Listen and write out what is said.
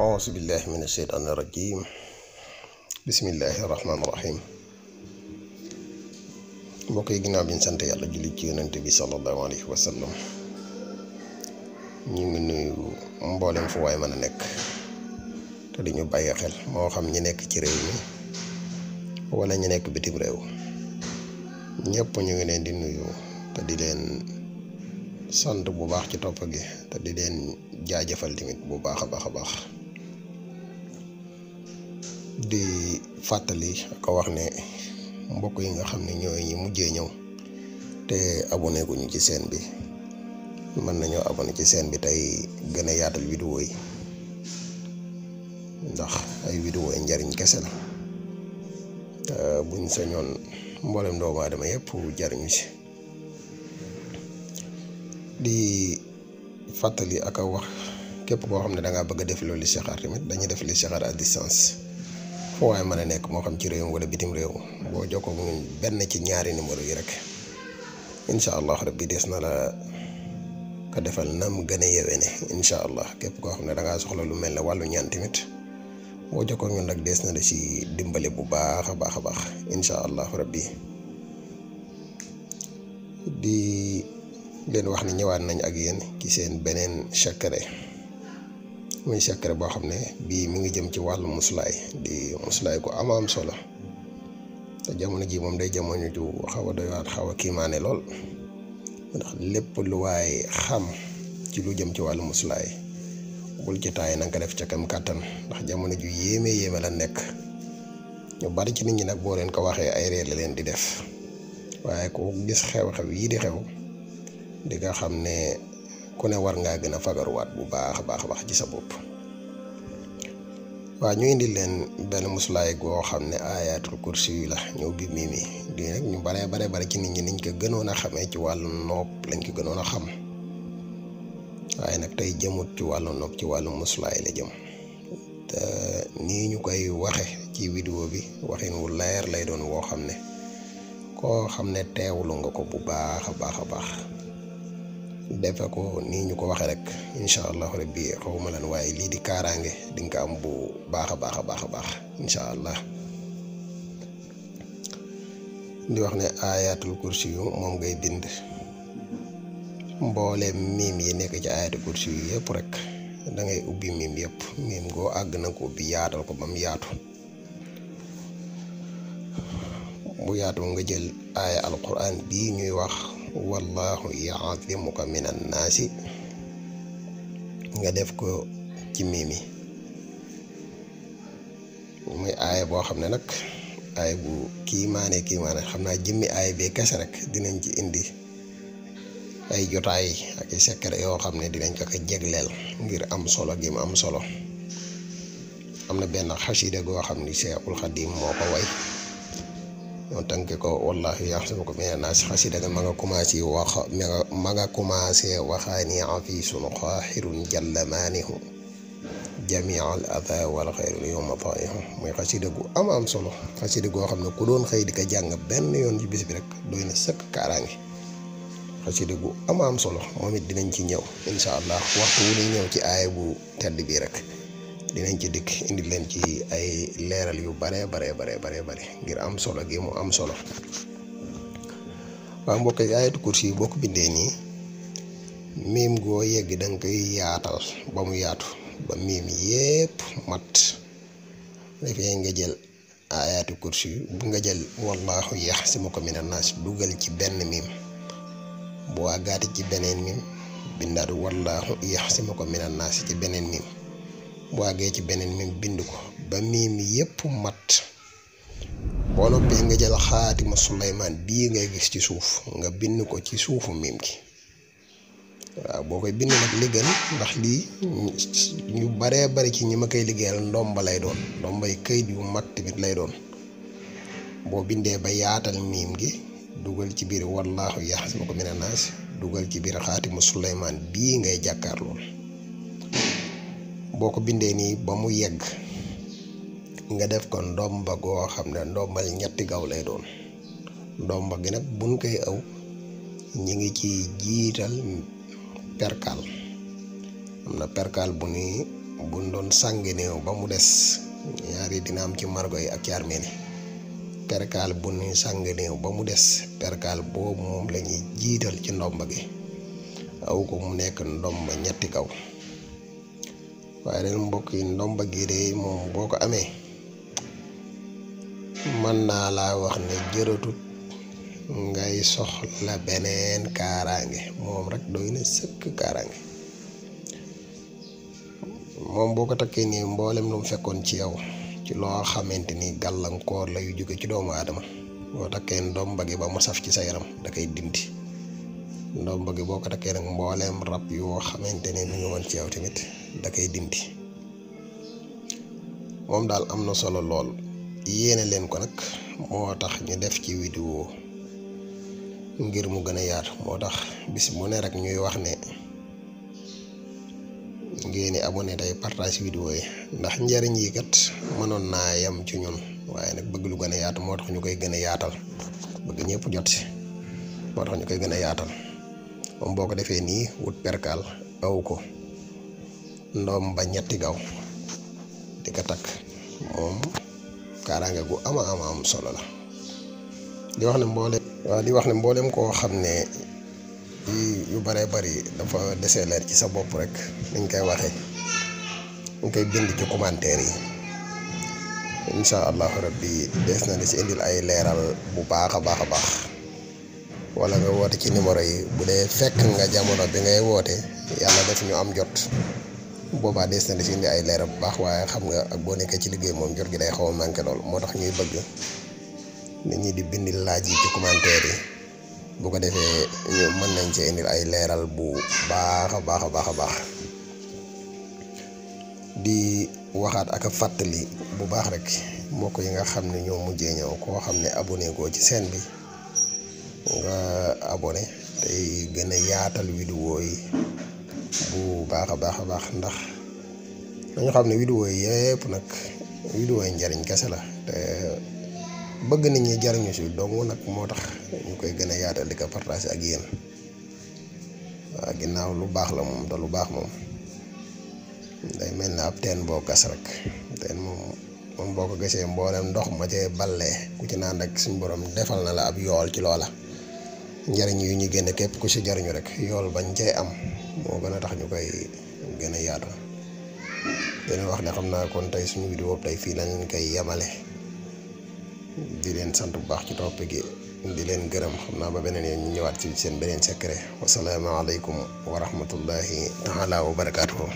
أعوذ بالله من الشيطان الرجيم بسم الله الرحمن الرحيم mbokk yi ginnaaw bi ñu sant yàlla julli ci yonante bi sallallahu alayhi wa sallam ñu ngi nuyu mboolem fu waay mën a nekk di ñu bàyyi xel moo xam ñi nekk ci réew mi wala ñi nekk bitim réew ñëpp ñu ngi leen di bu baax ci topp gi te bu di fàttali ko wax ne mbokk yi nga xam ne ñooy ñi mujjee ñëw te abonné ci seen bi mën nañoo abonné ci seen bi tey gën a yaatal vidéo yi ndax ay vidéo yi njariñ kese la te buñ sañoon mboolem doomu aadama yëpp jariñu si di fàttali ak a wax képp koo xam ne da ngaa bëgg a def loolu listixaar tamit dañuy def listixaar à distance foo waaye man a nekk moo xam ci réew wala bitim réew boo jokkoo ñun benn ci ñaari numéro yi rek incha allah rabbi des na la ko defal nam gën a yewene incha allah képp koo xam ne da soxla lu mel ne wàllu ñaan tamit boo jokkoo ñun nag des na la ci dimbale bu baax a baax a baax incha allah rabbi di leen wax ne ñëwaat nañ ak yéen ci seen beneen chakare. muy secret boo xam ne bii mu ngi jëm ci wàllu musulaay di musulaay ko ama solo te jamono ji moom day jamono ju xaw a doy xaw a kiimaane lool ndax lépp lu waay xam ci lu jëm ci wàllu musulaay bul ci taay def ca kam kàttan ndax jamono ju yéeme yéeme la nekk ñu bari ci nit ñi nag boo leen ko waxee ay réer la leen di def waaye ku gis xew-xew yii di xew di xam ne. ku ne war ngaa gëna fagar wat bu baax baax baax ci sa bop wa ñu indi len ben musulaay go xamne ayatul kursi la ñu bi mimi di nak ñu bare bare bare ci nit ñi niñ ko gënoon a xamee ci walu nopp lañ ko gënoon a xam waye nak tay jëmut ci walu nopp ci walu musulaay la jëm te ni ñu koy waxe ci video bi waxin wu leer lay doon wo xamne ne xamne xam ne nga ko bu baax baax defe ko ninyu ñu ko waxe rek inshallah rabbi xawma lan way li di karange di nga am bu baakha baakha baakha baax inshallah di wax ne ayatul kursi yu ngay bind mbooleem mim yi nek ci ayatul kursi ya rek da ngay ubbi mim yëpp mim go ag na ko bi yaatal ko bam yaatu bu yaatu nga jël aaya alquran bi ñuy wax wallahu yaadimuka min annaasi nga def ko ci mi muy aaya boo xam ne nag aaya bu kiimaane kiimaane xam naa jëmmi aaya bee kese rek dinañ ci indi ay jotaay ak i secret yoo xam ne dinañ ko ko jegleel ngir am solo gi am solo am na benn xasida goo xam ni Seexul Xadiim moo ko way تانكيكو والله يحسبكم من الناس حسيدا مغا كوماسي وخا مغا كوماسي وخاني عفيس قاهر جل مانه جميع الاذى والخير اليوم طائع مي قصيده غو ام ام صلو قصيده غو خا نكو دون خاي ديكا جانغ بن يون جي بيس بي رك دوينا سك كارانغي قصيده غو ام ام صلو موميت دي نانتي نيو ان شاء الله وقتو لي نيو تي اي بو تاد بي رك dinañ ci dikk indi leen ci ay leeral yu bare bare bare bare bare ngir am solo gi mu am solo waaw mbokk yi kursi yi boo ko bindee nii miim goo yegg danga koy yaatal ba mu yaatu ba miim yépp mat dafay nga jël ayatul kursi bu nga jël wallahu yaxsimuka minan naas dugal ci benn miim bu àggaati ci beneen miim bindaatu wallahu yaxsimuka ko naas ci beneen miim bu àggee ci beneen mim bind ko ba miim yépp mat boo noppee nga jël xaatima Suleymaan bii ngay gis ci suuf nga bind ko ci suufu miim gi waaw boo koy bind nag li gën ndax lii ñu baree bari ci ñi ma koy liggéeyal ndomba lay doon ndombay kayit yu mag tamit lay doon boo bindee ba yaatal miim gi dugal ci biir wallaahu yaxsimuka mina naas dugal ci biir xaatimu Suleymaan bii ngay jàkkaar lool boo ko bindee nii ba mu yegg nga def ko ndomba goo xam ne ndombal ñetti gaw lay doon ndomba gi nag buñ koy aw ñi ngi ci jiital perkaal am na perkaal bu ni buñ ba mu des ñaari dina am ci margo yi ak ci armeni perkaal bu ni ba mu des perkaal boobu moom lañuy jiital ci ndomba gi aw ko mu nekk ndomba ñetti kaw waaye neen mbokk yi ndomba gi de moom boo ko amee mën naa laa wax ne jërëtut ngay soxla beneen kaaraange moom rek doy na moom boo ko takkee nii mboolem lu mu fekkoon ci yow ci loo xamante ni gàllankoor la yu jóge ci doomu aadama boo takkee ndomba gi ba mu saf ci sa yaram da koy dindi ndomba gi boo ko takkee nag mbooleem rab yoo xamante ni mu ngi woon ci yow tamit da kay dindi mom dal amna solo lol. yene len ko nak. motax ñu def ci video ngir mu gëna a motax bis mu ne rek ñuy wax ne ngeen abonné day partage video yi ndax ñariñ yi kat mënon na yam ci ñun waye nak bëgg lu gëna yaat motax ñu koy gëna yaatal bëgg ñepp jot ci motax ñu koy gëna yaatal mom boko défé ni wut awuko ko ndom ba ñetti gaw di ka tak mom karanga gu ama ama am solo la di wax ne mboolem waaw ya, di wax ne mboolem ko xam di yu bare bare dafa déssé lèr ci sa bop rek niñ koy waxé ñu koy bind ci commentaire yi insha allah rabbi dess na la si indil ay léral bu baaxa baaxa baax wala nga wote ci numéro yi bu dé fekk nga jamono bi ngay wote yalla def ñu am jot boobaa de na ci indi ay leeral bu baax waaye xam nga ak boo nekkee ci liggéey moom jot gi day xaw a manqué lool moo tax ñuy bëgg nit ñi di bindi laaj yi ci commentaire yi bu ko defee mën nañ cee ay leeral bu baax a baax a baax a baax di waxaat ak fàttali bu baax rek mbokk yi nga xam ne ñoo mujjee ñëw koo xam ne abonné koo ci seen bi nga abonné tey gën a yaatal vidéo yi bu baax a baax ndax dañu xam ne vidéo yépp nag vidéo yi njariñ kese la te bëgg nit ñi jariñu si dong nag moo tax ñu koy gën a yaatal di ko partage ak yéen waaw ginnaaw lu baax la moom te lu baax moom day mel ne ab teen boo gas rek teen moom moom boo ko gasee mboolem ndox ma cee ballee ku ci naan rek suñu borom defal na la ab yool ci loola njariñ yu ñu génne képp ku ci jariñu rek yool bañ cee am moo gën a tax ñu koy gën a yaatu dina wax ne xam naa kon tey suñu vidéo tey fii lañ koy yemale di leen sant bu baax ci topp di leen gërëm xam naa ba beneen yoon ñu ñëwaat ci seen beneen secret wasalaamaaleykum wa rahmatullahi taala wa barakaatuhu